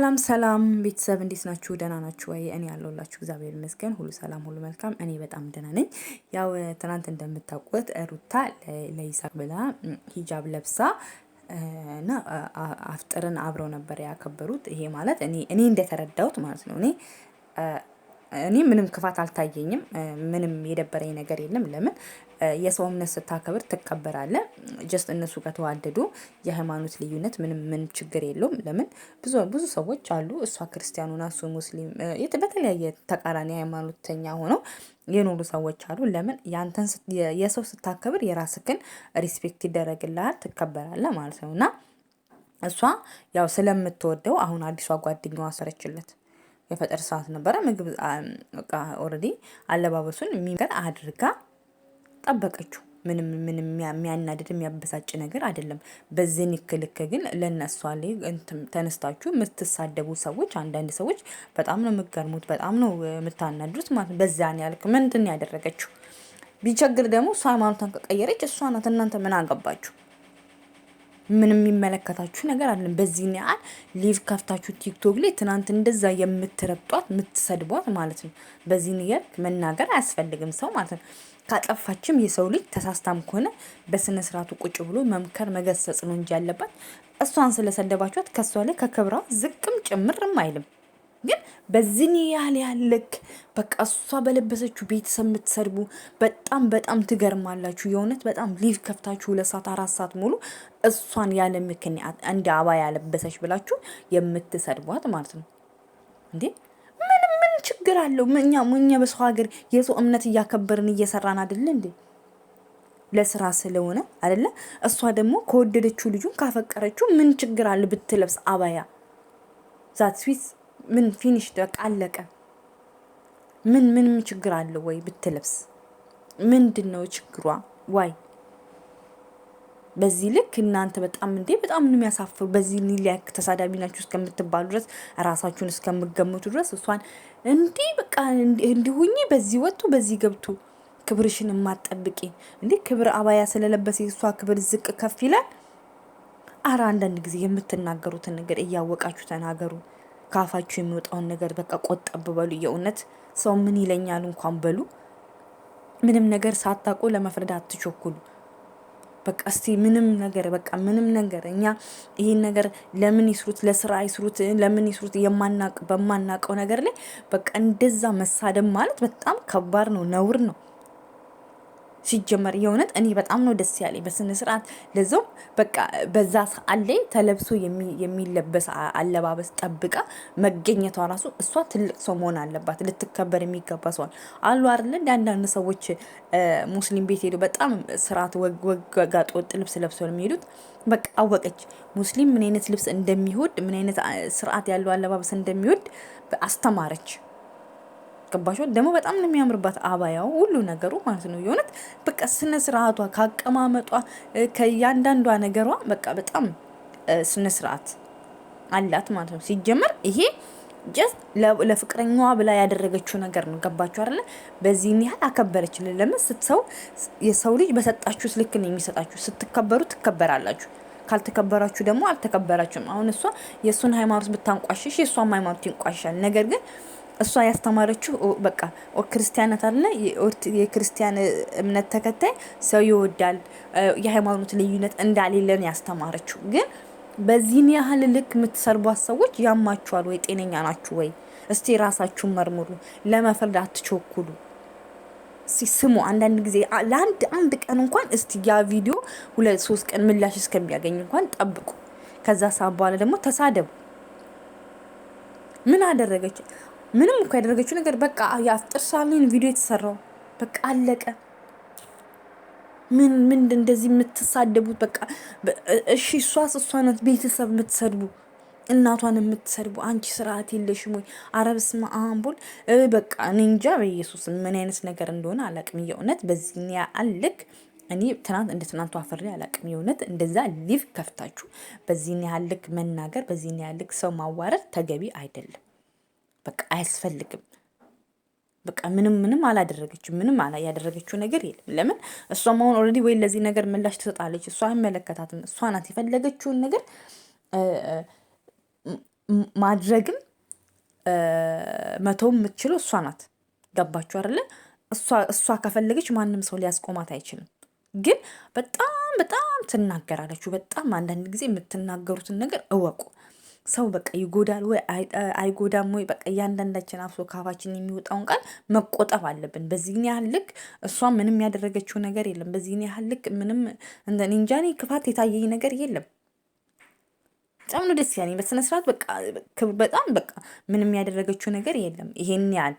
ሰላም ሰላም ቤተሰብ እንዴት ናችሁ? ደህና ናችሁ ወይ? እኔ ያለሁላችሁ እግዚአብሔር ይመስገን ሁሉ ሰላም፣ ሁሉ መልካም። እኔ በጣም ደህና ነኝ። ያው ትናንት እንደምታውቁት ሩታ ለይሳቅ ብላ ሂጃብ ለብሳ እና አፍጥርን አብረው ነበር ያከበሩት። ይሄ ማለት እኔ እንደተረዳሁት ማለት ነው እኔ እኔ ምንም ክፋት አልታየኝም። ምንም የደበረኝ ነገር የለም። ለምን የሰው እምነት ስታከብር ትከበራለ። ጀስት እነሱ ከተዋደዱ የሃይማኖት ልዩነት ምንም ምን ችግር የለውም። ለምን ብዙ ብዙ ሰዎች አሉ እሷ ክርስቲያኑና እሱ ሙስሊም በተለያየ ተቃራኒ ሃይማኖተኛ ሆነው የኖሩ ሰዎች አሉ። ለምን ያንተን የሰው ስታከብር የራስክን ሪስፔክት ይደረግልሃል፣ ትከበራለህ ማለት ነው እና እሷ ያው ስለምትወደው አሁን አዲሷ ጓደኛዋ አሰረችለት። የፈጠር ሰዓት ነበረ ምግብ ኦልሬዲ አለባበሱን የሚገር አድርጋ ጠበቀችው። ምንም ምንም የሚያናድድ የሚያበሳጭ ነገር አይደለም። በዚህን ንክልክ ግን ለእነሷ ላይ ተነስታችሁ የምትሳደቡ ሰዎች አንዳንድ ሰዎች በጣም ነው የምትገርሙት፣ በጣም ነው የምታናድዱት ማለት ነው። ያልክ ምንድን ያደረገችው ቢቸግር ደግሞ እሷ ሃይማኖቷን ከቀየረች እሷ ናት። እናንተ ምን አገባችሁ? ምንም የሚመለከታችሁ ነገር አለን። በዚህን ያህል ሊቭ ከፍታችሁ ቲክቶክ ላይ ትናንት እንደዛ የምትረብጧት የምትሰድቧት ማለት ነው። በዚህን ያህል መናገር አያስፈልግም ሰው ማለት ነው። ካጠፋችም የሰው ልጅ ተሳስታም ከሆነ በስነ ስርዓቱ ቁጭ ብሎ መምከር መገሰጽ ነው እንጂ ያለባት እሷን ስለሰደባችኋት ከእሷ ላይ ከክብሯ ዝቅም ጭምርም አይልም። በዚህን ያህል ያለክ በቃ እሷ በለበሰችው ቤተሰብ የምትሰድቡ በጣም በጣም ትገርማላችሁ። የእውነት በጣም ሊቭ ከፍታችሁ ሁለት ሰዓት አራት ሰዓት ሙሉ እሷን ያለ ምክንያት እንደ አባ ያለበሰች ብላችሁ የምትሰድቧት ማለት ነው እንዴ? ምን ምን ችግር አለው? እኛ እኛ በሰው ሀገር የሰው እምነት እያከበርን እየሰራን አይደለ እንዴ? ለስራ ስለሆነ አይደለ? እሷ ደግሞ ከወደደችው ልጁን ካፈቀረችው ምን ችግር አለ ብትለብስ አባያ ዛት ምን ፊኒሽ በቃ አለቀ። ምን ምንም ችግር አለው ወይ ብትለብስ ምንድን ነው ችግሯ? ዋይ በዚህ ልክ እናንተ በጣም እንዴ በጣም ነው የሚያሳፍሩ። በዚህ ሊያክ ተሳዳቢ ናችሁ እስከምትባሉ ድረስ ራሳችሁን እስከምገምቱ ድረስ እሷን እንዲህ በቃ እንዲሁኝ በዚህ ወጡ በዚህ ገብቱ ክብርሽን የማትጠብቂ እንዴ ክብር አባያ ስለለበሰ የእሷ ክብር ዝቅ ከፍ ይላል። አረ አንዳንድ ጊዜ የምትናገሩትን ነገር እያወቃችሁ ተናገሩ። ከአፋችሁ የሚወጣውን ነገር በቃ ቆጠብ በሉ። የእውነት ሰው ምን ይለኛል እንኳን በሉ። ምንም ነገር ሳታውቁ ለመፍረድ አትቸኩሉ። በቃ እስቲ ምንም ነገር በቃ ምንም ነገር እኛ ይህን ነገር ለምን ይስሩት፣ ለስራ ይስሩት፣ ለምን ይስሩት የማናቅ በማናቀው ነገር ላይ በቃ እንደዛ መሳደብ ማለት በጣም ከባድ ነው፣ ነውር ነው። ሲጀመር የእውነት እኔ በጣም ነው ደስ ያለኝ። በስነ ስርዓት ለዛው በቃ በዛ ሰዓት ላይ ተለብሶ የሚለበስ አለባበስ ጠብቃ መገኘቷ ራሱ እሷ ትልቅ ሰው መሆን አለባት፣ ልትከበር የሚገባ ሰዋል አሉ አይደለ? እንዳንዳንድ ሰዎች ሙስሊም ቤት ሄዱ በጣም ስርዓት ወጋጥ ወጥ ልብስ ለብሰው የሚሄዱት በቃ አወቀች። ሙስሊም ምን አይነት ልብስ እንደሚወድ ምን አይነት ስርዓት ያለው አለባበስ እንደሚወድ አስተማረች። ገባሽዋል። ደግሞ በጣም ነው የሚያምርባት አባያው ሁሉ ነገሩ ማለት ነው። የሆነት በቃ ስነ ስርዓቷ ካቀማመጧ ከእያንዳንዷ ነገሯ በቃ በጣም ስነ ስርዓት አላት ማለት ነው። ሲጀመር ይሄ ጀስት ለፍቅረኛዋ ብላ ያደረገችው ነገር ነው። ገባችሁ አይደለ? በዚህን ያህል አከበረችልን። ለምን ስትሰው የሰው ልጅ በሰጣችሁ ልክ ነው የሚሰጣችሁ። ስትከበሩ ትከበራላችሁ፣ ካልተከበራችሁ ደግሞ አልተከበራችሁም። አሁን እሷ የእሱን ሃይማኖት ብታንቋሽሽ የእሷም ሃይማኖት ይንቋሻል ነገር ግን እሷ ያስተማረችው በቃ ክርስቲያነት አለ የክርስቲያን እምነት ተከታይ ሰው ይወዳል፣ የሃይማኖት ልዩነት እንዳሌለን ያስተማረችው ግን በዚህን ያህል ልክ የምትሰርቧት ሰዎች ያማችኋል ወይ? ጤነኛ ናችሁ ወይ? እስቲ ራሳችሁን መርምሩ። ለመፍረድ አትቸኩሉ። ስሙ። አንዳንድ ጊዜ ለአንድ አንድ ቀን እንኳን እስቲ ያ ቪዲዮ ሁለት ሶስት ቀን ምላሽ እስከሚያገኝ እንኳን ጠብቁ። ከዛ ሰዓት በኋላ ደግሞ ተሳደቡ። ምን አደረገች? ምንም እኮ ያደረገችው ነገር በቃ ያፍጥርሳሉን ቪዲዮ የተሰራው በቃ አለቀ። ምን ምን እንደዚህ የምትሳደቡት በቃ እሺ፣ እሷስ እሷ ናት ቤተሰብ የምትሰድቡ እናቷን የምትሰድቡ አንቺ ስርዓት የለሽም ወይ? አረብስ ማአምቦል በቃ እኔ እንጃ። በኢየሱስ ምን አይነት ነገር እንደሆነ አላቅም። የእውነት በዚህ ያልክ እኔ ትናንት እንደ ትናንቱ አፈሪ አላቅም። የእውነት እንደዛ ሊቭ ከፍታችሁ በዚህ ያልክ መናገር፣ በዚህ ያልክ ሰው ማዋረድ ተገቢ አይደለም። በቃ አያስፈልግም። በቃ ምንም ምንም አላደረገችው ምንም ያደረገችው ነገር የለም። ለምን እሷም አሁን ኦልሬዲ ወይ ለዚህ ነገር ምላሽ ትሰጣለች። እሷ አይመለከታትም። እሷ ናት የፈለገችውን ነገር ማድረግም መተውም የምትችለው እሷ ናት። ገባችሁ አይደለ? እሷ ከፈለገች ማንም ሰው ሊያስቆማት አይችልም። ግን በጣም በጣም ትናገራለችሁ። በጣም አንዳንድ ጊዜ የምትናገሩትን ነገር እወቁ። ሰው በቃ ይጎዳል ወይ አይጎዳም ወይ በቃ እያንዳንዳችን አፍሶ ካፋችን የሚወጣውን ቃል መቆጠብ አለብን። በዚህን ያህል ልክ እሷ ምንም ያደረገችው ነገር የለም። በዚህን ያህል ልክ ምንም እንጃ እኔ ክፋት የታየኝ ነገር የለም። በጣም ነው ደስ ያለኝ። በስነ ስርዓት በቃ በጣም በቃ ምንም ያደረገችው ነገር የለም። ይሄን ያህል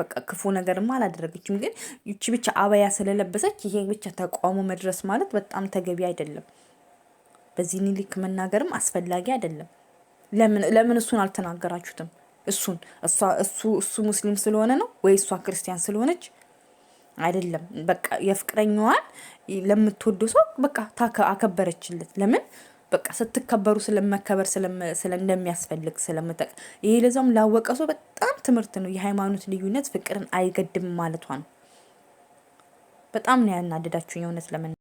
በቃ ክፉ ነገርማ አላደረገችም። ግን ይቺ ብቻ አበያ ስለለበሰች ይሄ ብቻ ተቃውሞ መድረስ ማለት በጣም ተገቢ አይደለም። በዚህ ልክ መናገርም አስፈላጊ አይደለም። ለምን ለምን እሱን አልተናገራችሁትም? እሱን እሷ እሱ እሱ ሙስሊም ስለሆነ ነው ወይ እሷ ክርስቲያን ስለሆነች አይደለም። በቃ የፍቅረኛዋን ለምትወዱ ሰው በቃ ታከ አከበረችለት። ለምን በቃ ስትከበሩ ስለመከበር እንደሚያስፈልግ ስለምጠቅ ይሄ ለዛውም ላወቀ ሰው በጣም ትምህርት ነው። የሃይማኖት ልዩነት ፍቅርን አይገድም ማለቷ ነው። በጣም ነው ያናደዳችሁኝ እውነት ለምን